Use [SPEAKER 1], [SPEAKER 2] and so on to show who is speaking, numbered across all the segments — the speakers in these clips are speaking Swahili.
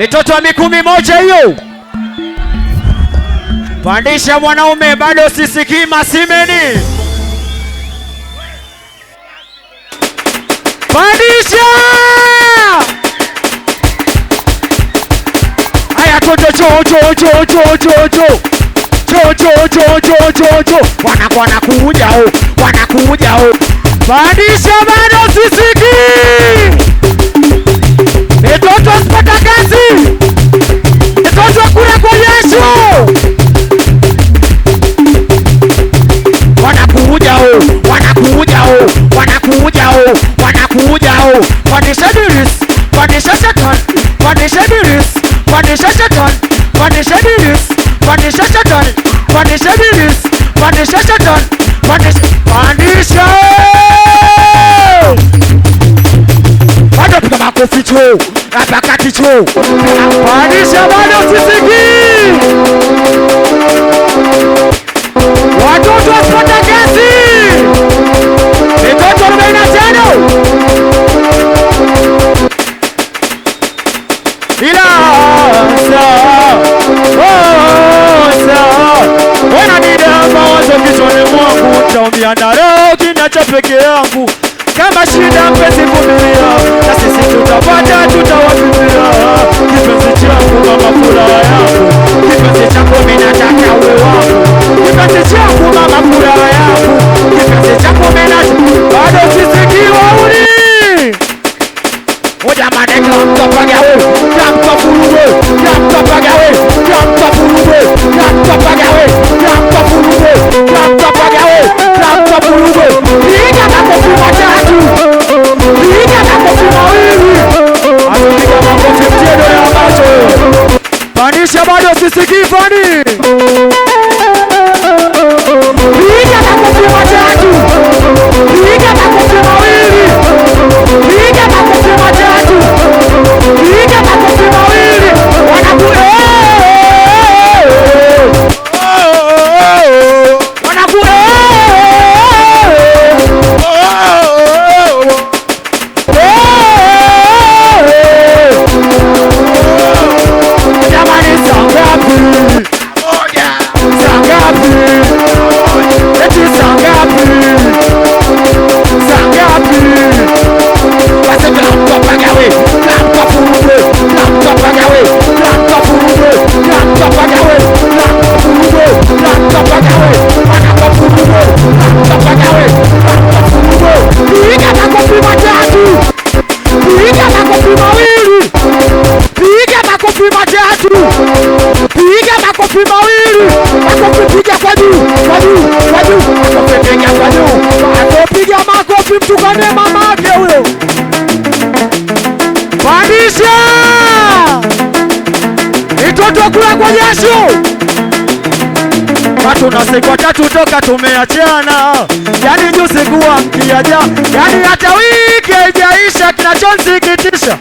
[SPEAKER 1] Mitoto wa mikumi moja hiyo, pandisha mwanaume, bado sisikii masimeni, pandisha haya koto, cho cho cho cho cho cho cho cho cho cho cho cho, wanakuja, wanakuja, pandisha Pandisha Satan, pandisha, pandisha. Bado piga makofi tu, Ila nitaumia na roho kinacho peke yangu kama shida mpenzi, vumilia na sisi tutapata, tutawafikia kipenzi changu, mama furaha yangu, kipenzi changu mimi uwe wangu, kipenzi changu mama furaha yangu, kipenzi changu mimi bado Isha bado sisikii pani moto kula kwa Yesu. Watu na siku tatu toka tumeachana, yani juzi kuwa mkiaja, yani hata wiki haijaisha, kinachonsikitisha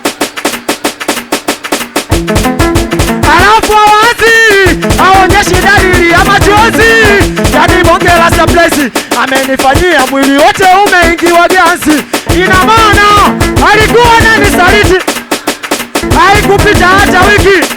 [SPEAKER 1] alafu awazi aonyeshi dalili ya machozi, yani bonge la surprise amenifanyia, mwili wote umeingiwa ganzi. Ina maana alikuwa nanisaliti, haikupita hata wiki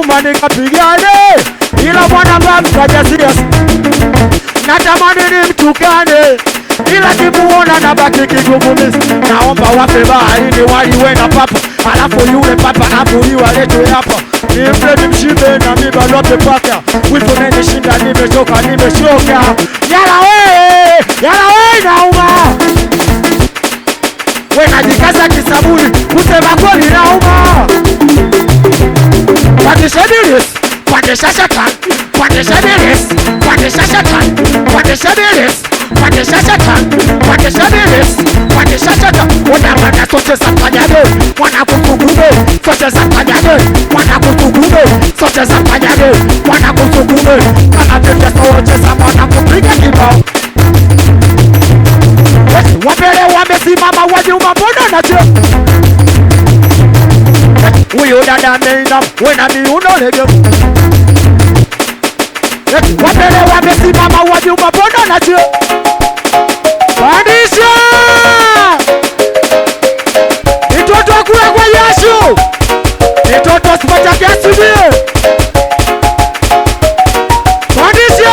[SPEAKER 1] nyuma nikapigane, ila mwanangu mtajasia, natamani nimtukane ila kimuona na baki kigugumizi. Naomba wape baharini waliwe na papa, alafu yule papa abuliwa aletwe hapa nimle nimshibe na miba paka wipo nenishinda, nimechoka nimeshoka. Yala we yala we nauma Satan, what is Satan, what is Satan, what is Satan, what is Satan, what is Satan, what is Satan, wanaweka sote za pajado, wanakutukudo, sote za pajado, wanakutukudo, sote za pajado, wanakutukudo, kama vile wote za wanakupiga kibao. Wapele wamesimama We older than me up When I be you know no legend What the hell want me see mama What you my brother not you What is Panisha Nitoto kule kwa Yesu Nitoto sipata kiasi vile Panisha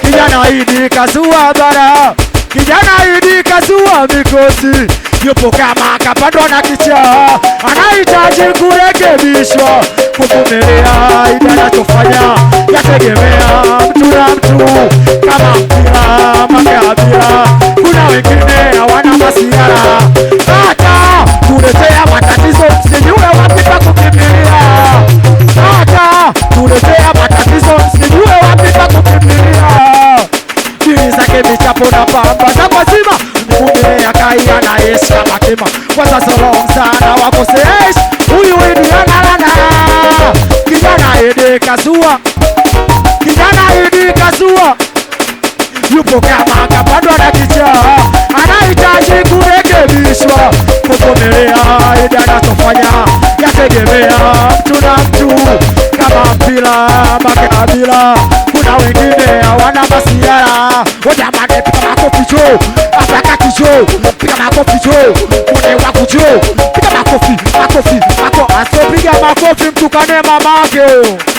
[SPEAKER 1] Kijana idi kasua bara Kijana idi kasua mikosi yupo kama akapandwa na kichaa, anahitaji kurekebishwa. Kuvumilia ili yategemea mtu na mtu, kama mpira makabila. Kuna wengine hawana masiara, hata tuletea matatizo, msijue wapi pa kukimbilia. Hata tuletea matatizo, msijue wapi pa kukimbilia. Dili zake michapo na paa yupo kama na kichaa, anahitaji kurekebishwa, Ida anachofanya yategemea mtu na mtu, kama makabila. Kuna wengine hawana masiara, makofi jo, apaka kijo, makofi jo, makofi, makofi mako asopiga makofi, mtukane mamake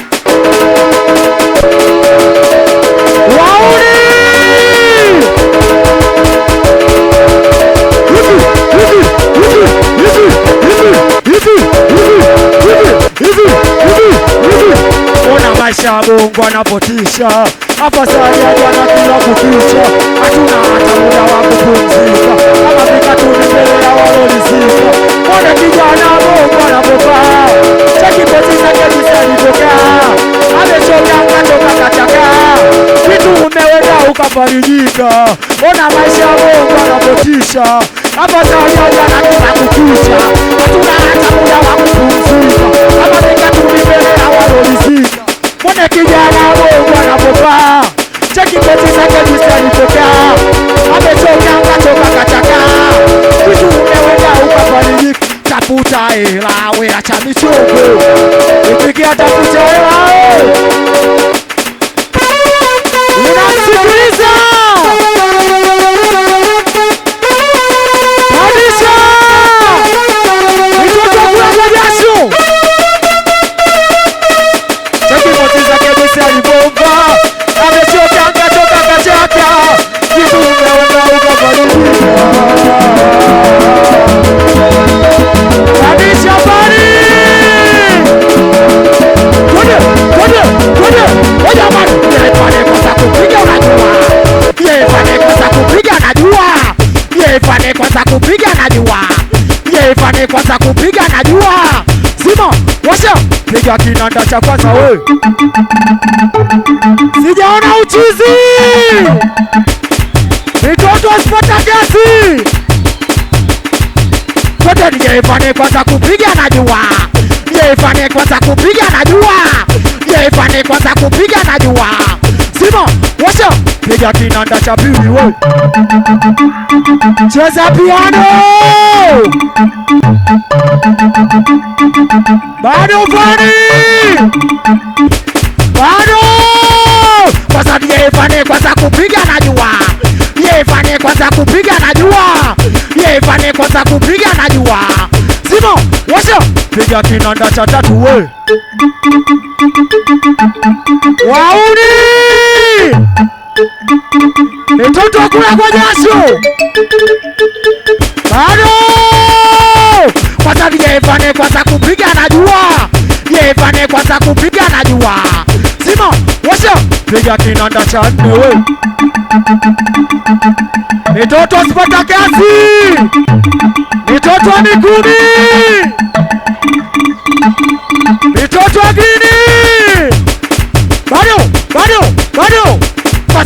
[SPEAKER 1] Mungu anapotisha hapa, sajadi anakula kukicha, hatuna hata muda wa kupumzika, kama vita tunipelea walolizika. Mbona kijana Bongo anapokaa chakipotizakejisalivokaa amechoganga toka katakaa vitu umeweza ukafarijika. Ona maisha Mungu anapotisha hapa, sajadi kila kukicha, hatuna Yule kijana Mungu anapopaa, cheki kesi zake jinsi alitokea, amechokanga toka kataka kitu, umewenda ukafarijika. Tafuta hela we, acha michoko, ukikia tafuta hela eh. cha kinanda cha kwanza we, sijaona uchizi, mitoto asipata gesi kote. Nijeifane kwanza kupiga, najua nijeifane kwanza kupiga, najua ya kinanda cha pili, wewe cheza piano bado fani bado kwanza, yefane kwanza kupiga najua, yefane kwanza kupiga najua, yefane kwanza kupiga najua, simo washo piga kinanda cha tatu, wewe wauni mtoto kula kwa nyasi bado kwanza vijevane kwanza kupiga najua jevane kwanza kupiga najua simo wasio piga kinanda cha nne we mitoto asipata kazi mitoto ni kumi mitoto agini bado bado bado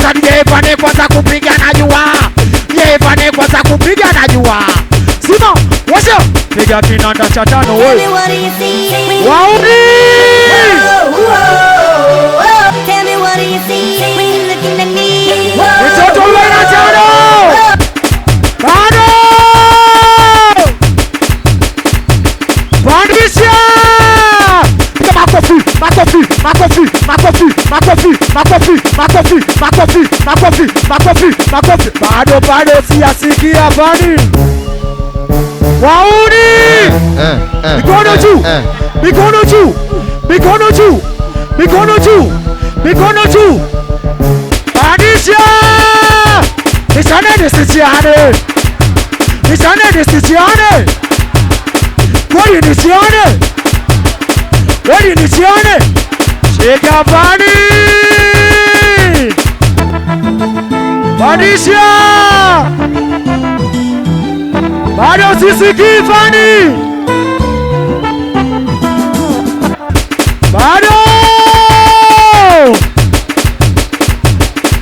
[SPEAKER 1] kwanza nijefane kwanza kupiga najua jefane kwanza kupiga najua simo wasio piga kinanda cha tano we wauni makofi makofi makofi makofi makofi bado bado siyasikia bani wauni eh, eh, eh, mikono juu mikono juu mikono juu mikono juu mikono juu adisha nisane nisitiane nisane nisitiane kweli nisione kweli nisione shika bani Asikii Fani. Bado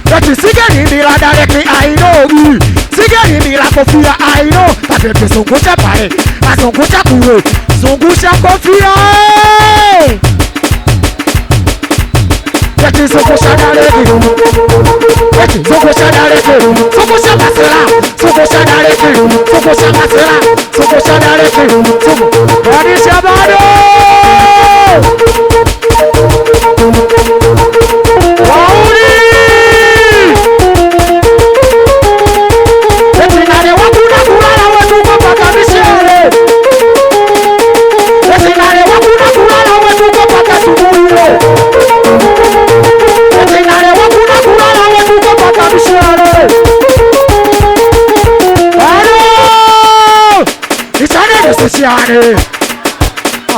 [SPEAKER 1] That is Sigari Mila directly I know you Sigari Mila Kofia I know That is Sungucha Pare That Sungucha Kuro Sungucha Kofia That is Sungucha Directly That is Sungucha Directly Sungucha Masera Sungucha Directly Sungucha Masera শুভ সারা রেখে শুভ গণেশ আবারও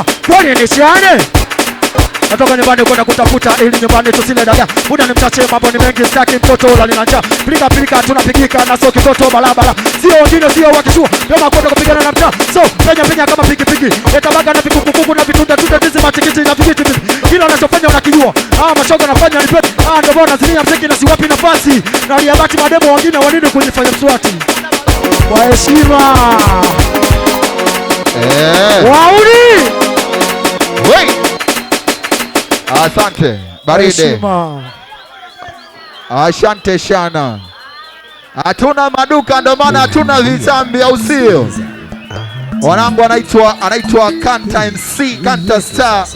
[SPEAKER 1] kwani nishane Natoka nyumbani kwenda kutafuta ili nyumbani tusile dada Muda ni mchache, mambo ni mengi, sitaki mtoto la nina njaa. Pilika pilika tunapigika na sio kitoto balabala. Sio wengine sio wakishua. Leo kwenda kupigana na mtaa. So penya penya kama pikipiki. Eta baga na vikukuku na vitunda tunda tizi matikiti na vijiti hivi. Kila unachofanya unakijua. Ah, mashoga anafanya ni pete. Ah, ndio bwana zinia mziki na siwapi nafasi. Na riabati mademo wengine wanini kujifanya mswati. Kwa heshima. Eh. Wauni. Asante baride, asante shana. Hatuna maduka ndio maana hatuna vizambi, au sio? Wanangu anaitwa anaitwa Kanta MC Kanta Star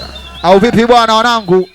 [SPEAKER 1] au vipi bwana wanangu?